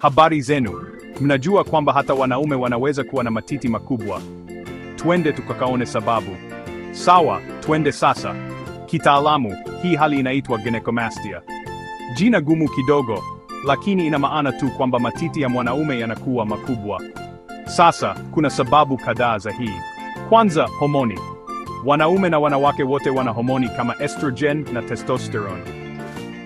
Habari zenu. Mnajua kwamba hata wanaume wanaweza kuwa na matiti makubwa? Twende tukakaone sababu. Sawa, twende sasa. Kitaalamu, hii hali inaitwa gynecomastia. Jina gumu kidogo, lakini ina maana tu kwamba matiti ya mwanaume yanakuwa makubwa. Sasa, kuna sababu kadhaa za hii. Kwanza, homoni. Wanaume na wanawake wote wana homoni kama estrogen na testosterone.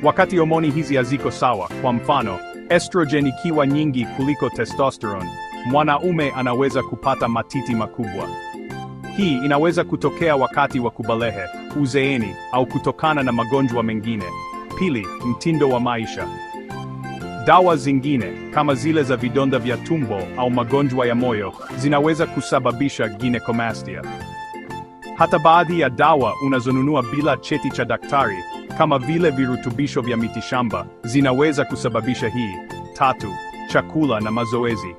Wakati homoni hizi haziko sawa, kwa mfano estrogeni ikiwa nyingi kuliko testosterone, mwanaume anaweza kupata matiti makubwa. Hii inaweza kutokea wakati wa kubalehe, uzeeni au kutokana na magonjwa mengine. Pili, mtindo wa maisha. Dawa zingine kama zile za vidonda vya tumbo au magonjwa ya moyo zinaweza kusababisha ginekomastia. Hata baadhi ya dawa unazonunua bila cheti cha daktari, kama vile virutubisho vya mitishamba, zinaweza kusababisha hii. Tatu, chakula na mazoezi.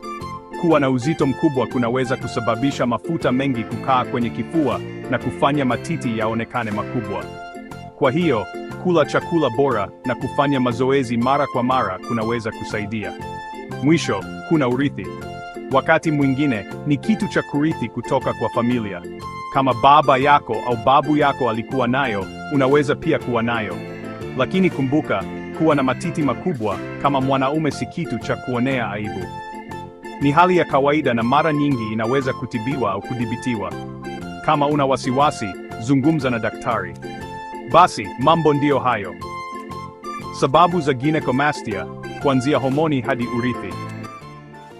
Kuwa na uzito mkubwa kunaweza kusababisha mafuta mengi kukaa kwenye kifua na kufanya matiti yaonekane makubwa. Kwa hiyo, kula chakula bora na kufanya mazoezi mara kwa mara kunaweza kusaidia. Mwisho, kuna urithi. Wakati mwingine ni kitu cha kurithi kutoka kwa familia kama baba yako au babu yako alikuwa nayo, unaweza pia kuwa nayo. Lakini kumbuka, kuwa na matiti makubwa kama mwanaume si kitu cha kuonea aibu. Ni hali ya kawaida na mara nyingi inaweza kutibiwa au kudhibitiwa. Kama una wasiwasi, zungumza na daktari. Basi, mambo ndiyo hayo. Sababu za gynecomastia, kuanzia homoni hadi urithi.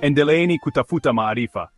Endeleeni kutafuta maarifa.